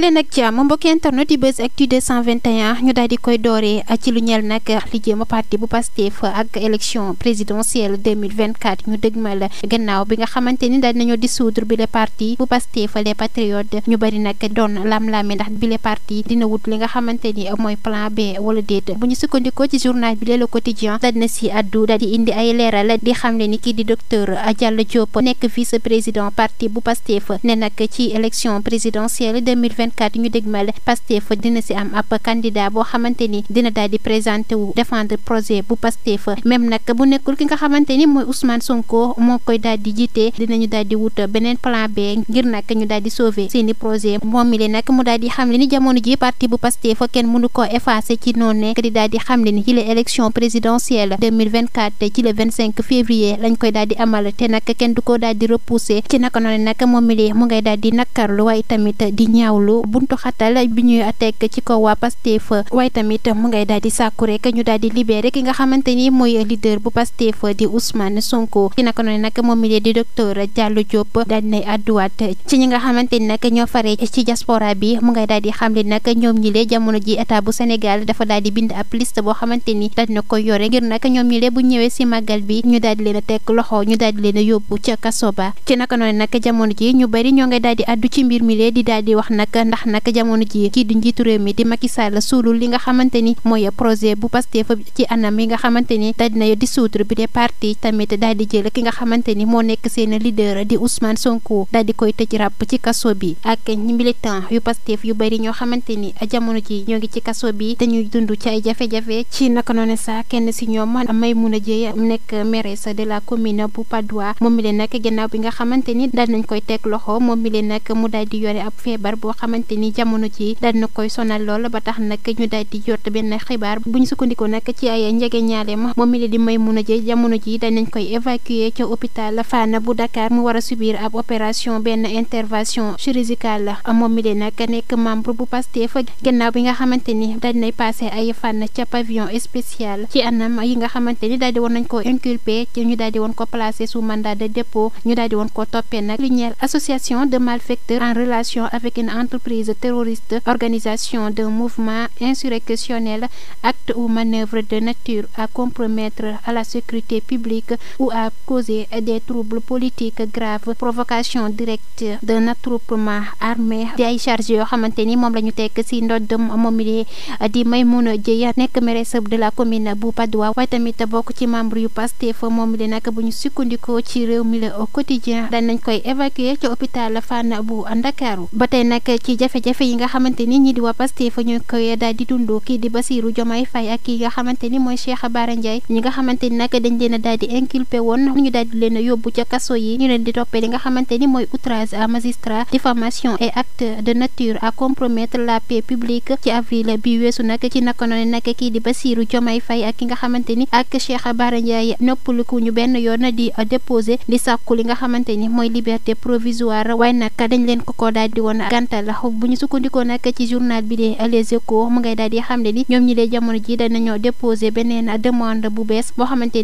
leen nag jàmm mbokki internet yi Buzz Actu 221 ñu daal koy dooree ci lu ñeel nag li jëm parti bu ak élection présidentielle 2024 ñu dëgmal gannaaw bi nga xamante ni daal nañoo dissoudre bi le parti bu Pastef les patriotes ñu bari nag doon lam-laame ndax bi le dina wut li nga xamante ni mooy plan B wala déet bu ñu sukkandikoo ci journal bi Le Quotidien daal na si addu daal indi ay leeral di xamle ni kii di docteur 2024 ñu dégmal Pastef dina si am ab di présenté wu ni ci noonu nekk di daal di xam le ci la février lañ koy daal amal te nag kenn du ko daal repousser ci naka noonu nag moom mi mu ngay daal di nakkarlu waaye tamit di ñaawlu bu buntu xatal bi ñuy teg ci kaw waa Pastef waaye mu ngay daal sàkku rek ñu daal di ki nga xamante ni mooy leader bu Pastef di Ousmane Sonko ci naka noonu nag moom mi lee di docteur Diallo Diop daal nay àdduwaat ci ñi nga xamante ni nag ñoo fare ci diaspora bi mu ngay daal di xamle nag ñoom ñi lee jamono ji état bu Sénégal dafa daal bind ab liste boo xamante ni daal na ko yore ngir nag ñoom ñi lee bu ñëwee si màggal bi ñu daal a a ndax nag jamono ji kii di njiitu réew mi di Macky Sall suulul li nga xamante ni mooy projet bu Pastef ci anam yi nga xamante ni daal dina bi de parti tamit daal di jël ki ni moo nekk seen leader di koy tëj ràpp bi ak ñi militant yu Pastef yu bëri ñoo xamante ni jamono ji ñoo ngi ci kaso la commune bu Patte d'Oie moom mi leen nag gannaaw bi nga xamante ni daal nañ koy teg loxo moom mi leen nag mu daal yore ab feebar boo xam xamante ni jamono ci daal na koy sonal lool ba tax nag ñu daal di jot benn xibaar bu ñu sukkandikoo nag ci la di Maimouna Dieye jamono ji danañ koy évacuer ca hôpital Fann bu Dakar mu war a subir ab opération benn intervention chirurgicale la moom mi la nag nekk membre bu Pastef gannaaw bi nga xamante ni dañ nay passé ay fan ca pavillon spécial ci anam yi nga xamante ni daal di woon nañ ko inculpé ci ñu daal di woon ko placé su mandat de dépôt ñu daal di woon ko toppee nag lu ñeel association de malfaiteurs en relation avec une entreprise entreprise terroriste organisation d'un mouvement insurrectionnel acte ou manœuvre de nature à compromettre à la sécurité publique ou à causer des troubles politiques graves provocation directe d'un attroupement armé di ay charges yoo xamante ni moom la ñu tekk ci ndoddum moom mi di Maymouna Dieye nekk maire de la commune bu Patte d'Oie waaye tamit bokk ci membre yu Pastef moom mi nag bu ñu sukkandikoo ci réew mi la au quotidien dañ nañ koy évacuer ci hôpital Fann bu Ndakaaru ci jafe-jafe yi nga xamante ni ñi di waa Pastef ñu koy daal di dund kii di ni mooy Cheikh Bara Ndiaye nga xamante ni nag dañ leen a daal di inculpé woon ñu daal di leen a yóbbu ca kaso yi ñu leen di toppee li nga xamante ni mooy outrage à magistrat diffamation et acte de nature à compromettre la paix publique ci avril bi weesu nag ci naka noonu nag kii di Bassirou Diomaye fay ak ki nga xamante ni ak Cheikh Bara Ndiaye ku ñu benn yoon di déposé di sàkku li nga xamante ni mooy liberté pro waaye nag dañ leen ko ko daal di bu ñu sukkandikoo nag ci journal bi de Les Échos mu ngay daal di xamle ni ñoom ñi lee jamono ji danañoo déposé beneen demande bu bees boo xamante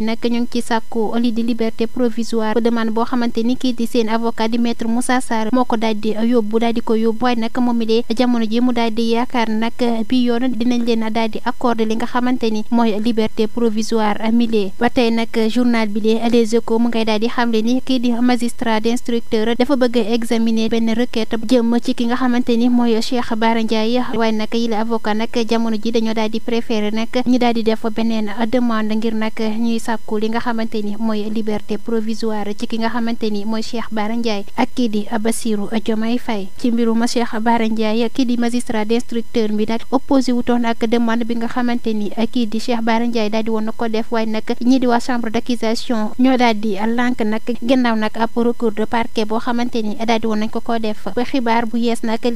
ni kii di seen avocat di maître Moussa moo ko daal yóbbu daal ko yóbbu waaye nag moom mi de jamono ji mu daal yaakaar nag bi yoon dinañ leen daal di li nga xamante ni mooy liberté provisoire milé ba tey nag journal bi de Les mu ngay daal xamle ni kii di magistrat d'instructeur dafa bëgg xamante ni mooy Cheikh Bara Ndiaye waaye nag yi la avocat dañoo daal di préféré nag ñu daal di def beneen demande ngir nag ñuy sàkku li nga xamante ni mooy liberté provisoire ci ki nga xamante ni mooy Cheikh Bara Ndiaye ak kii di Bassirou Diomaye Faye ci mbirum Cheikh Bara Ndiaye kii di magistrat d'instructeur bi nag opposé wutoon ak demande bi nga xamante ni kii di Cheikh Bara Ndiaye daal di woon na ko def waaye nag ñii di waa chambre d'accusation ñoo daal di lànk nag gannaaw nag ab recours de parquet boo xamante ni daal di woon nañ ko ko def xibaar bu yees nag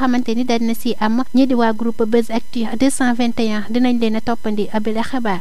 xamante ni dañ na si am ñii di waa groupe Buzz Actu 221 dinañ leen a toppandi abile xabaar